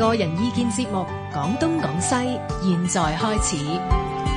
個人意見節目《講東講西》，現在開始。